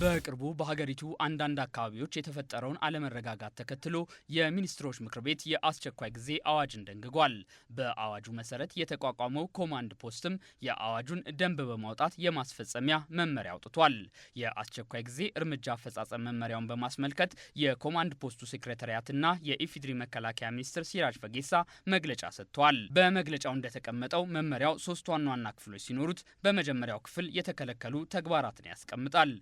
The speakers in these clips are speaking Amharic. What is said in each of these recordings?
በቅርቡ በሀገሪቱ አንዳንድ አካባቢዎች የተፈጠረውን አለመረጋጋት ተከትሎ የሚኒስትሮች ምክር ቤት የአስቸኳይ ጊዜ አዋጅን ደንግጓል። በአዋጁ መሰረት የተቋቋመው ኮማንድ ፖስትም የአዋጁን ደንብ በማውጣት የማስፈጸሚያ መመሪያ አውጥቷል። የአስቸኳይ ጊዜ እርምጃ አፈጻጸም መመሪያውን በማስመልከት የኮማንድ ፖስቱ ሴክሬታሪያትና የኢፌዴሪ መከላከያ ሚኒስትር ሲራጅ ፈጌሳ መግለጫ ሰጥተዋል። በመግለጫው እንደተቀመጠው መመሪያው ሶስት ዋና ዋና ክፍሎች ሲኖሩት በመጀመሪያው ክፍል የተከለከሉ ተግባራትን ያስቀምጣል።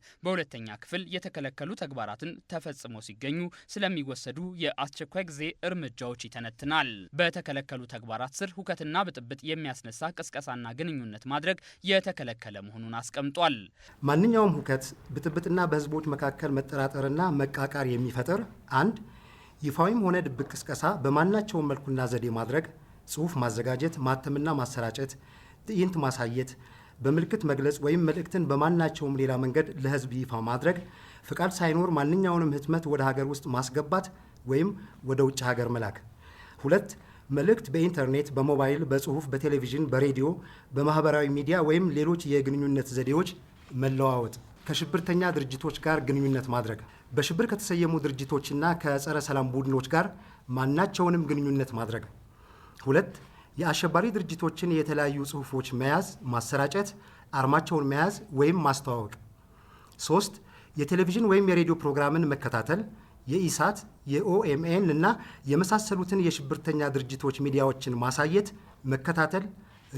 ሁለተኛ ክፍል የተከለከሉ ተግባራትን ተፈጽሞ ሲገኙ ስለሚወሰዱ የአስቸኳይ ጊዜ እርምጃዎች ይተነትናል። በተከለከሉ ተግባራት ስር ሁከትና ብጥብጥ የሚያስነሳ ቅስቀሳና ግንኙነት ማድረግ የተከለከለ መሆኑን አስቀምጧል። ማንኛውም ሁከት፣ ብጥብጥና በህዝቦች መካከል መጠራጠርና መቃቃር የሚፈጥር አንድ ይፋዊም ሆነ ድብቅ ቅስቀሳ በማናቸውም መልኩና ዘዴ ማድረግ፣ ጽሁፍ ማዘጋጀት፣ ማተምና ማሰራጨት፣ ትዕይንት ማሳየት በምልክት መግለጽ ወይም መልእክትን በማናቸውም ሌላ መንገድ ለህዝብ ይፋ ማድረግ፣ ፍቃድ ሳይኖር ማንኛውንም ህትመት ወደ ሀገር ውስጥ ማስገባት ወይም ወደ ውጭ ሀገር መላክ። ሁለት መልእክት በኢንተርኔት፣ በሞባይል፣ በጽሁፍ፣ በቴሌቪዥን፣ በሬዲዮ፣ በማህበራዊ ሚዲያ ወይም ሌሎች የግንኙነት ዘዴዎች መለዋወጥ። ከሽብርተኛ ድርጅቶች ጋር ግንኙነት ማድረግ። በሽብር ከተሰየሙ ድርጅቶችና ከጸረ ሰላም ቡድኖች ጋር ማናቸውንም ግንኙነት ማድረግ። ሁለት የአሸባሪ ድርጅቶችን የተለያዩ ጽሁፎች መያዝ፣ ማሰራጨት፣ አርማቸውን መያዝ ወይም ማስተዋወቅ። ሶስት የቴሌቪዥን ወይም የሬዲዮ ፕሮግራምን መከታተል የኢሳት የኦኤምኤን እና የመሳሰሉትን የሽብርተኛ ድርጅቶች ሚዲያዎችን ማሳየት፣ መከታተል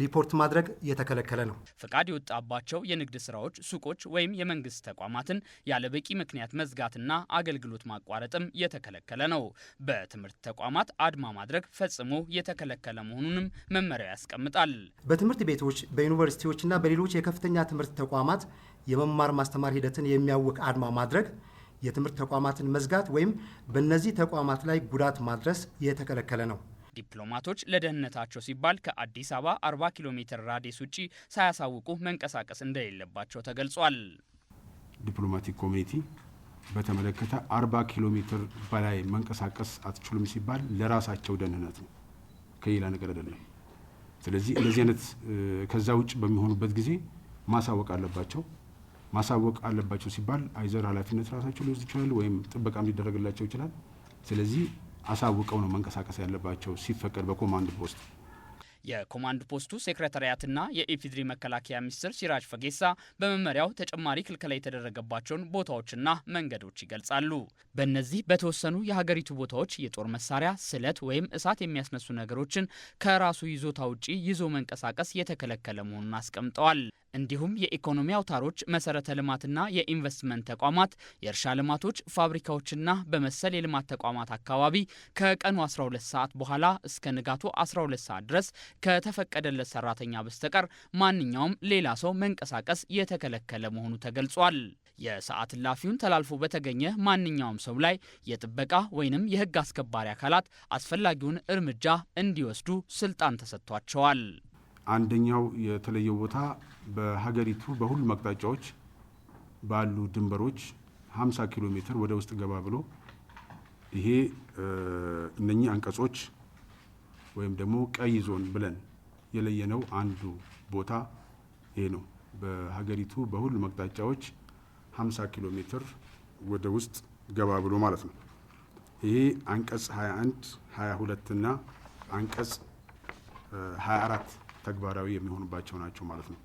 ሪፖርት ማድረግ የተከለከለ ነው። ፈቃድ የወጣባቸው የንግድ ስራዎች፣ ሱቆች ወይም የመንግስት ተቋማትን ያለበቂ ምክንያት መዝጋትና አገልግሎት ማቋረጥም የተከለከለ ነው። በትምህርት ተቋማት አድማ ማድረግ ፈጽሞ የተከለከለ መሆኑንም መመሪያው ያስቀምጣል። በትምህርት ቤቶች በዩኒቨርሲቲዎችና በሌሎች የከፍተኛ ትምህርት ተቋማት የመማር ማስተማር ሂደትን የሚያወቅ አድማ ማድረግ የትምህርት ተቋማትን መዝጋት ወይም በእነዚህ ተቋማት ላይ ጉዳት ማድረስ የተከለከለ ነው። ዲፕሎማቶች ለደህንነታቸው ሲባል ከአዲስ አበባ 40 ኪሎ ሜትር ራዲየስ ውጪ ሳያሳውቁ መንቀሳቀስ እንደሌለባቸው ተገልጿል። ዲፕሎማቲክ ኮሚኒቲ በተመለከተ 40 ኪሎ ሜትር በላይ መንቀሳቀስ አትችሉም ሲባል ለራሳቸው ደህንነት ነው፣ ከሌላ ነገር አይደለም። ስለዚህ እንደዚህ አይነት ከዛ ውጭ በሚሆኑበት ጊዜ ማሳወቅ አለባቸው። ማሳወቅ አለባቸው ሲባል አይዘር ኃላፊነት ራሳቸው ሊወስድ ይችላል፣ ወይም ጥበቃም ሊደረግላቸው ይችላል። ስለዚህ አሳውቀው ነው መንቀሳቀስ ያለባቸው ሲፈቀድ በኮማንድ ፖስት። የኮማንድ ፖስቱ ሴክሬታሪያትና የኢፌዴሪ መከላከያ ሚኒስትር ሲራጅ ፈጌሳ በመመሪያው ተጨማሪ ክልከላ የተደረገባቸውን ቦታዎችና መንገዶች ይገልጻሉ። በእነዚህ በተወሰኑ የሀገሪቱ ቦታዎች የጦር መሳሪያ፣ ስለት ወይም እሳት የሚያስነሱ ነገሮችን ከራሱ ይዞታ ውጪ ይዞ መንቀሳቀስ የተከለከለ መሆኑን አስቀምጠዋል። እንዲሁም የኢኮኖሚ አውታሮች፣ መሰረተ ልማትና የኢንቨስትመንት ተቋማት፣ የእርሻ ልማቶች፣ ፋብሪካዎችና በመሰል የልማት ተቋማት አካባቢ ከቀኑ 12 ሰዓት በኋላ እስከ ንጋቱ 12 ሰዓት ድረስ ከተፈቀደለት ሰራተኛ በስተቀር ማንኛውም ሌላ ሰው መንቀሳቀስ የተከለከለ መሆኑ ተገልጿል። የሰዓት እላፊውን ተላልፎ በተገኘ ማንኛውም ሰው ላይ የጥበቃ ወይንም የሕግ አስከባሪ አካላት አስፈላጊውን እርምጃ እንዲወስዱ ስልጣን ተሰጥቷቸዋል። አንደኛው የተለየው ቦታ በሀገሪቱ በሁሉም አቅጣጫዎች ባሉ ድንበሮች 50 ኪሎ ሜትር ወደ ውስጥ ገባ ብሎ ይሄ እነኚህ አንቀጾች ወይም ደግሞ ቀይ ዞን ብለን የለየነው አንዱ ቦታ ይሄ ነው። በሀገሪቱ በሁሉም አቅጣጫዎች 50 ኪሎ ሜትር ወደ ውስጥ ገባ ብሎ ማለት ነው። ይሄ አንቀጽ 21፣ 22 እና አንቀጽ 24 ተግባራዊ የሚሆኑባቸው ናቸው ማለት ነው።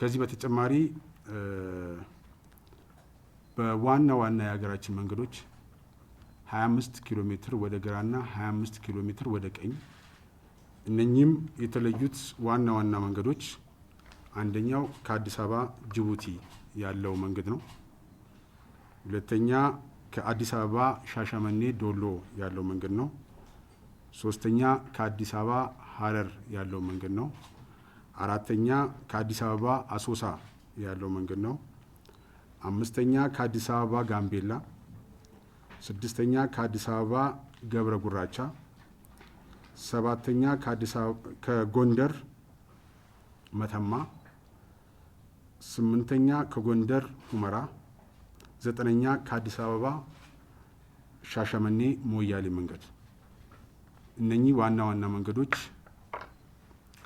ከዚህ በተጨማሪ በዋና ዋና የሀገራችን መንገዶች 25 ኪሎ ሜትር ወደ ግራና 25 ኪሎ ሜትር ወደ ቀኝ እነኚህም የተለዩት ዋና ዋና መንገዶች አንደኛው ከአዲስ አበባ ጅቡቲ ያለው መንገድ ነው። ሁለተኛ ከአዲስ አበባ ሻሸመኔ ዶሎ ያለው መንገድ ነው። ሶስተኛ ከአዲስ አበባ ሀረር ያለው መንገድ ነው። አራተኛ ከአዲስ አበባ አሶሳ ያለው መንገድ ነው። አምስተኛ ከአዲስ አበባ ጋምቤላ፣ ስድስተኛ ከአዲስ አበባ ገብረ ጉራቻ፣ ሰባተኛ ከጎንደር መተማ፣ ስምንተኛ ከጎንደር ሁመራ፣ ዘጠነኛ ከአዲስ አበባ ሻሸመኔ ሞያሌ መንገድ። እነኚህ ዋና ዋና መንገዶች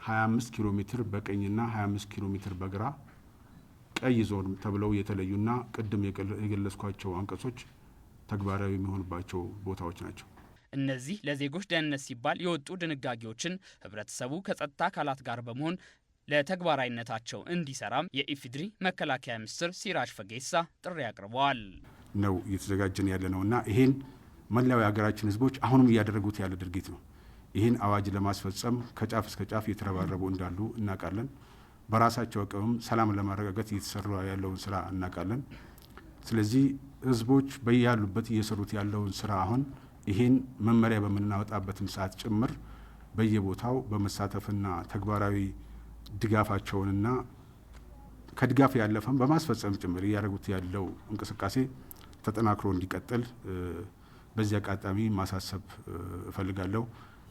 25 ኪሎ ሜትር በቀኝና 25 ኪሎ ሜትር በግራ ቀይ ዞን ተብለው የተለዩና ቅድም የገለጽኳቸው አንቀጾች ተግባራዊ የሚሆንባቸው ቦታዎች ናቸው። እነዚህ ለዜጎች ደህንነት ሲባል የወጡ ድንጋጌዎችን ህብረተሰቡ ከጸጥታ አካላት ጋር በመሆን ለተግባራዊነታቸው እንዲሰራም የኢፌዴሪ መከላከያ ሚኒስትር ሲራጅ ፈጌሳ ጥሪ አቅርበዋል። ነው እየተዘጋጀን ያለ ነው እና ይሄን መላው የሀገራችን ህዝቦች አሁንም እያደረጉት ያለ ድርጊት ነው። ይህን አዋጅ ለማስፈጸም ከጫፍ እስከ ጫፍ እየተረባረቡ እንዳሉ እናውቃለን። በራሳቸው አቅምም ሰላም ለማረጋገጥ እየተሰሩ ያለውን ስራ እናውቃለን። ስለዚህ ህዝቦች በያሉበት እየሰሩት ያለውን ስራ አሁን ይህን መመሪያ በምናወጣበትም ሰዓት ጭምር በየቦታው በመሳተፍና ተግባራዊ ድጋፋቸውንና ከድጋፍ ያለፈም በማስፈጸም ጭምር እያደረጉት ያለው እንቅስቃሴ ተጠናክሮ እንዲቀጥል በዚህ አጋጣሚ ማሳሰብ እፈልጋለሁ።